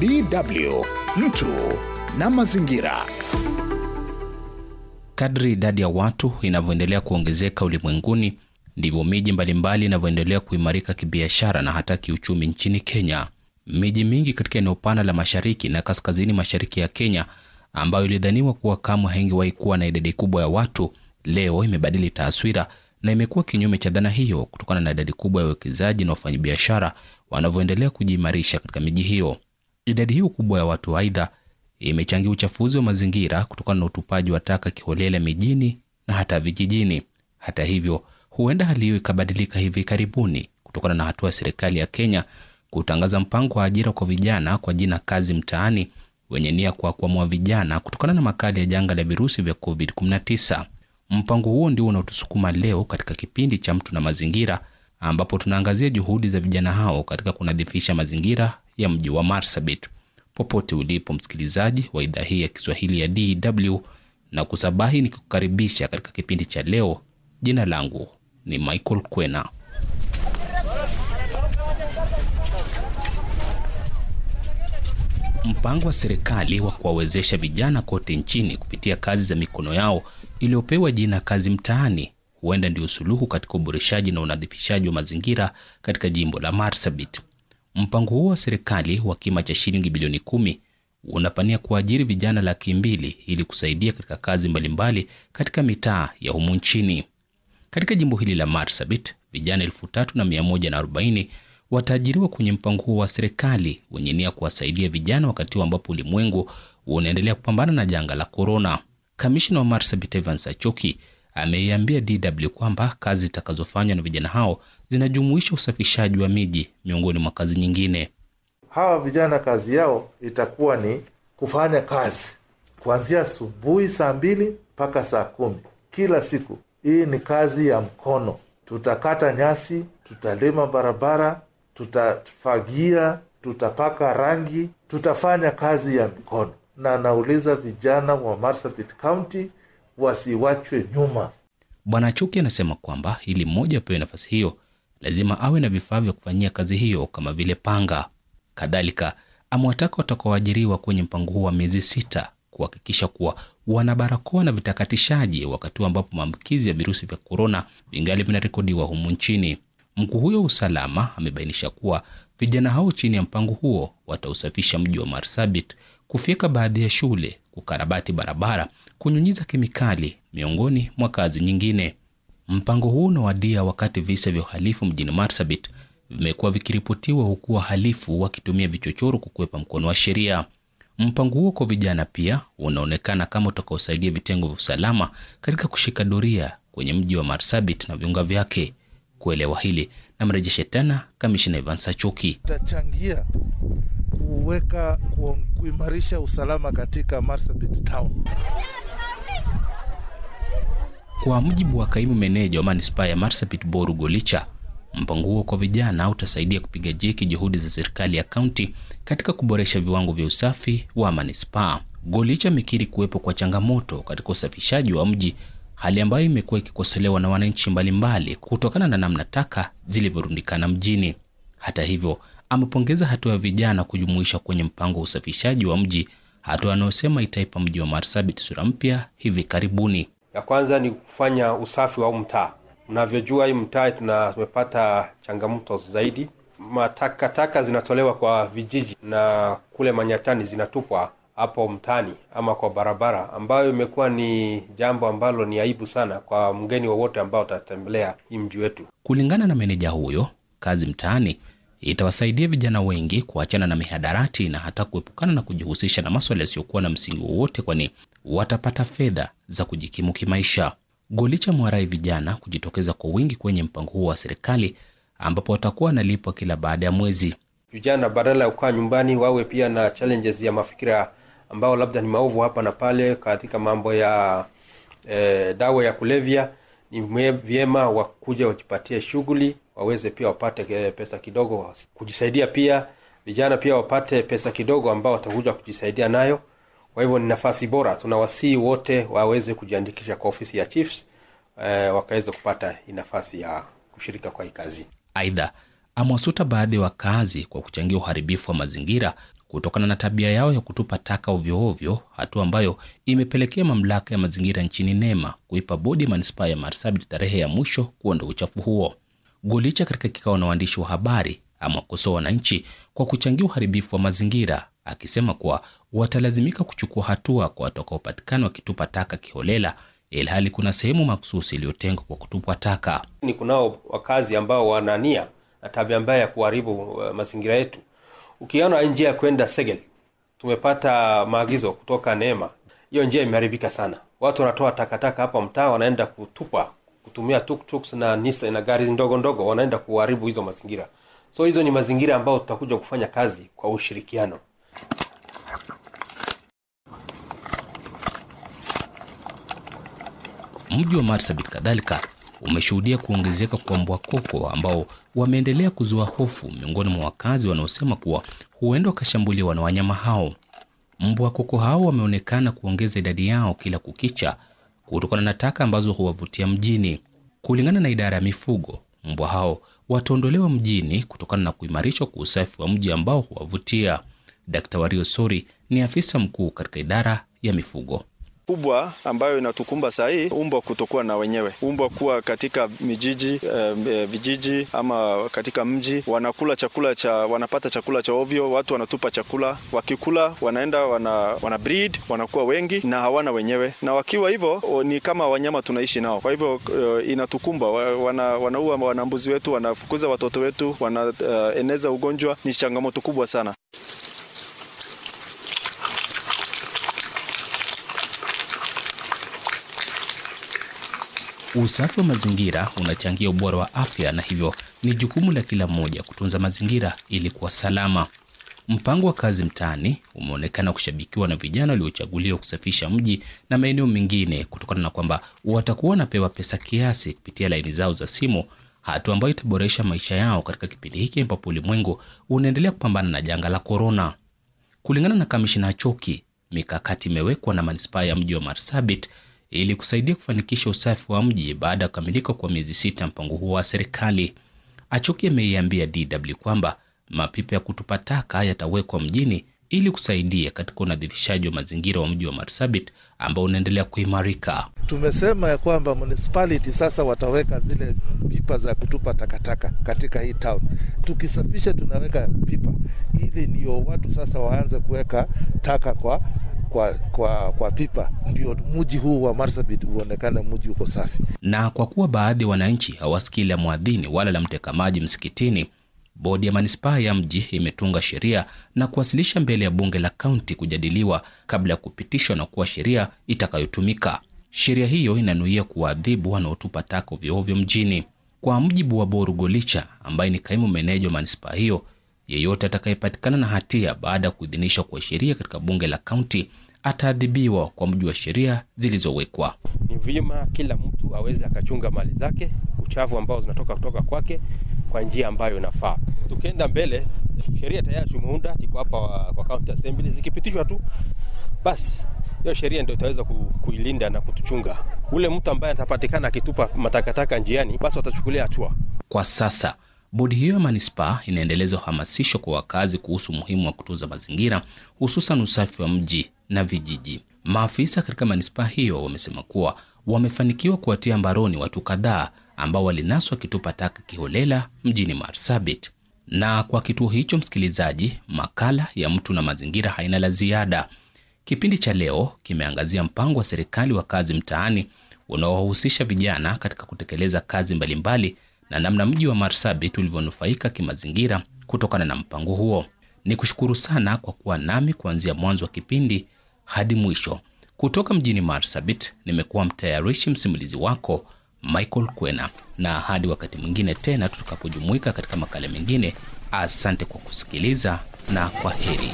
DW mtu na mazingira. Kadri idadi ya watu inavyoendelea kuongezeka ulimwenguni ndivyo miji mbalimbali inavyoendelea kuimarika kibiashara na hata kiuchumi nchini Kenya. Miji mingi katika eneo pana la mashariki na kaskazini mashariki ya Kenya ambayo ilidhaniwa kuwa kamwe haingewahi kuwa na idadi kubwa ya watu, leo imebadili taswira na imekuwa kinyume cha dhana hiyo kutokana na idadi kubwa ya wawekezaji na wafanyabiashara wanavyoendelea kujiimarisha katika miji hiyo. Idadi hiyo kubwa ya watu aidha imechangia uchafuzi wa mazingira kutokana na utupaji wa taka kiholela mijini na hata vijijini. Hata hivyo, huenda hali hiyo ikabadilika hivi karibuni kutokana na hatua ya serikali ya Kenya kutangaza mpango wa ajira kwa vijana kwa jina Kazi Mtaani, wenye nia kwa kuamua vijana kutokana na makali ya janga la virusi vya COVID-19. Mpango huo ndio unaotusukuma leo katika kipindi cha Mtu na Mazingira, ambapo tunaangazia juhudi za vijana hao katika kunadhifisha mazingira ya mji wa Marsabit. Popote ulipo msikilizaji wa idhaa hii ya Kiswahili ya DW na kusabahi, nikikukaribisha katika kipindi cha leo. Jina langu ni Michael Kwena. Mpango wa serikali wa kuwawezesha vijana kote nchini kupitia kazi za mikono yao iliyopewa jina Kazi Mtaani huenda ndio suluhu katika uboreshaji na unadhifishaji wa mazingira katika jimbo la Marsabit. Mpango huo wa serikali wa kima cha shilingi bilioni kumi unapania kuajiri vijana laki mbili ili kusaidia katika kazi mbalimbali katika mitaa ya humu nchini. Katika jimbo hili la Marsabit, vijana elfu tatu na mia moja na arobaini wataajiriwa kwenye mpango huo wa serikali wenye nia kuwasaidia vijana wakati huu ambapo ulimwengu unaendelea kupambana na janga la korona. Kamishina wa Marsabit Evans Achoki ameiambia DW kwamba kazi zitakazofanywa na vijana hao zinajumuisha usafishaji wa miji miongoni mwa kazi nyingine. Hawa vijana kazi yao itakuwa ni kufanya kazi kuanzia asubuhi saa mbili mpaka saa kumi kila siku. Hii ni kazi ya mkono, tutakata nyasi, tutalima barabara, tutafagia, tutapaka rangi, tutafanya kazi ya mkono. Na anauliza vijana wa Marsabit County wasiwachwe nyuma. Bwana Chuki anasema kwamba ili mmoja apewe nafasi hiyo lazima awe na vifaa vya kufanyia kazi hiyo kama vile panga. Kadhalika amewataka watakaoajiriwa kwenye mpango huo wa miezi sita kuhakikisha kuwa wana barakoa na vitakatishaji wakati ambapo maambukizi ya virusi vya korona vingali vinarekodiwa humu nchini. Mkuu huyo usalama amebainisha kuwa vijana hao chini ya mpango huo watausafisha mji wa Marsabit, kufyeka baadhi ya shule, kukarabati barabara kunyunyiza kemikali miongoni mwa kazi nyingine. Mpango huu unawadia wakati visa vya uhalifu mjini Marsabit vimekuwa vikiripotiwa huku wahalifu wakitumia vichochoro kukwepa mkono wa sheria. Mpango huo kwa vijana pia unaonekana kama utakaosaidia vitengo vya usalama katika kushika doria kwenye mji wa Marsabit na viunga vyake. Kuelewa hili namrejeshe tena kamishina Ivan Sachuki. Itachangia kuweka kuimarisha usalama katika Marsabit town. Kwa mujibu wa kaimu meneja wa manispaa ya Marsabit Boru Golicha, mpango huo kwa vijana utasaidia kupiga jeki juhudi za serikali ya kaunti katika kuboresha viwango vya usafi wa manispaa. Golicha amekiri kuwepo kwa changamoto katika usafishaji wa mji, hali ambayo imekuwa ikikosolewa na wananchi mbalimbali kutokana na namna taka zilivyorundikana mjini. Hata hivyo, amepongeza hatua ya vijana kujumuisha kwenye mpango wa usafishaji wa mji, hatua anayosema itaipa mji wa Marsabit sura mpya hivi karibuni. Ya kwanza ni kufanya usafi wa mtaa. Unavyojua hii mtaa tumepata changamoto zaidi, matakataka zinatolewa kwa vijiji na kule manyatani zinatupwa hapo mtaani ama kwa barabara, ambayo imekuwa ni jambo ambalo ni aibu sana kwa mgeni wowote ambao utatembelea hii mji wetu. Kulingana na meneja huyo, kazi mtaani itawasaidia vijana wengi kuachana na mihadarati na hata kuepukana na kujihusisha na maswala yasiyokuwa na msingi wowote, kwani watapata fedha za kujikimu kimaisha. Golicha mwarai vijana kujitokeza kwa wingi kwenye mpango huo wa serikali ambapo watakuwa wanalipwa kila baada ya mwezi. Vijana badala ya kukaa nyumbani, wawe pia na challenges ya mafikira ambao labda ni maovu hapa na pale katika mambo ya eh, dawa ya kulevya. Ni vyema wakuja wajipatie shughuli waweze pia wapate pesa kidogo kujisaidia pia vijana pia wapate pesa kidogo ambao watakuja kujisaidia nayo kwa hivyo ni nafasi bora tunawasii wote waweze kujiandikisha kwa ofisi ya chiefs e, wakaweze kupata hii nafasi ya kushirika kwa hii kazi aidha amewasuta baadhi ya wakazi kwa kuchangia uharibifu wa mazingira kutokana na tabia yao ya kutupa taka ovyoovyo, hatua ambayo imepelekea mamlaka ya mazingira nchini NEMA kuipa bodi ya manispaa ya Marsabit tarehe ya mwisho kuondoa uchafu huo. Golicha katika kikao na waandishi wa habari amewakosoa wananchi kwa kuchangia uharibifu wa mazingira, akisema kuwa watalazimika kuchukua hatua kwa watakaopatikana wakitupa taka kiholela, ilhali kuna sehemu mahususi iliyotengwa kwa kutupwa taka. Ni kunao wakazi ambao wanania na tabia mbaya ya kuharibu uh, mazingira yetu. Ukiona njia ya kwenda Segel, tumepata maagizo kutoka Neema, hiyo njia imeharibika sana, watu wanatoa takataka hapa mtaa, wanaenda kutupa kutumia tuktuks na nisa na gari ndogo ndogo wanaenda kuharibu hizo mazingira so hizo ni mazingira ambayo tutakuja kufanya kazi kwa ushirikiano mji wa marsabit kadhalika umeshuhudia kuongezeka kwa mbwakoko ambao wameendelea kuzua hofu miongoni mwa wakazi wanaosema kuwa huenda wakashambuliwa na wanyama hao mbwa koko hao wameonekana kuongeza idadi yao kila kukicha kutokana na taka ambazo huwavutia mjini. Kulingana na idara ya mifugo, mbwa hao wataondolewa mjini kutokana na kuimarishwa kwa usafi wa mji ambao huwavutia. Dkt. Wario Sori ni afisa mkuu katika idara ya mifugo kubwa ambayo inatukumba saa hii, umbwa kutokuwa na wenyewe. Umbwa kuwa katika mijiji e, vijiji ama katika mji, wanakula chakula cha wanapata chakula cha ovyo, watu wanatupa chakula, wakikula wanaenda wana, wana breed, wanakuwa wengi na hawana wenyewe, na wakiwa hivyo ni kama wanyama tunaishi nao. Kwa hivyo e, inatukumba wana, wanaua wanambuzi wetu, wanafukuza watoto wetu, wanaeneza eh, uh, ugonjwa. Ni changamoto kubwa sana. Usafi wa mazingira unachangia ubora wa afya, na hivyo ni jukumu la kila mmoja kutunza mazingira ili kuwa salama. Mpango wa kazi mtaani umeonekana kushabikiwa na vijana waliochaguliwa kusafisha mji na maeneo mengine, kutokana na kwamba watakuwa wanapewa pesa kiasi kupitia laini zao za simu, hatua ambayo itaboresha maisha yao katika kipindi hiki ambapo ulimwengu unaendelea kupambana na janga la korona. Kulingana na kamishina Choki, mikakati imewekwa na manispaa ya mji wa Marsabit ili kusaidia kufanikisha usafi wa mji baada ya kukamilika kwa miezi sita mpango huo wa serikali. Achuki ameiambia DW kwamba mapipa ya kutupa taka yatawekwa mjini ili kusaidia katika unadhifishaji wa mazingira wa mji wa Marsabit ambao unaendelea kuimarika. Tumesema ya kwamba municipality sasa wataweka zile pipa za kutupa takataka katika hii town. Tukisafisha tunaweka pipa, ili ndio watu sasa waanze kuweka taka kwa kwa, kwa, kwa pipa, ndio mji huu wa Marsabit huonekana mji uko safi. Na kwa kuwa baadhi ya wananchi hawasikii la mwadhini wala la mteka maji msikitini, bodi ya manispaa ya mji imetunga sheria na kuwasilisha mbele ya bunge la kaunti kujadiliwa kabla ya kupitishwa na kuwa sheria itakayotumika. Sheria hiyo inanuia kuwaadhibu wanaotupa taka ovyoovyo mjini. Kwa mjibu wa Boru Golicha ambaye ni kaimu meneja wa manispaa hiyo, yeyote atakayepatikana na hatia baada ya kuidhinishwa kwa sheria katika bunge la kaunti ataadhibiwa kwa mujibu wa sheria zilizowekwa. Ni vyema kila mtu aweze akachunga mali zake, uchafu ambao zinatoka kutoka kwake kwa njia ambayo inafaa. Tukienda mbele, sheria tayari tumeunda, iko hapa kwa county assembly, zikipitishwa tu basi hiyo sheria ndio itaweza kuilinda na kutuchunga. Ule mtu ambaye atapatikana akitupa matakataka njiani, basi watachukulia hatua. Kwa sasa bodi hiyo ya manispaa inaendeleza uhamasisho kwa wakazi kuhusu umuhimu wa kutunza mazingira, hususan usafi wa mji na vijiji. Maafisa katika manispaa hiyo wamesema kuwa wamefanikiwa kuwatia mbaroni watu kadhaa ambao walinaswa kitupa taka kiholela mjini Marsabit. Na kwa kituo hicho, msikilizaji, makala ya mtu na mazingira haina la ziada. Kipindi cha leo kimeangazia mpango wa serikali wa kazi mtaani unaohusisha vijana katika kutekeleza kazi mbalimbali na namna mji wa Marsabit ulivyonufaika kimazingira kutokana na mpango huo. Ni kushukuru sana kwa kuwa nami kuanzia mwanzo wa kipindi hadi mwisho. Kutoka mjini Marsabit, nimekuwa mtayarishi msimulizi wako Michael Kwena, na hadi wakati mwingine tena tutakapojumuika katika makala mengine. Asante kwa kusikiliza na kwa heri.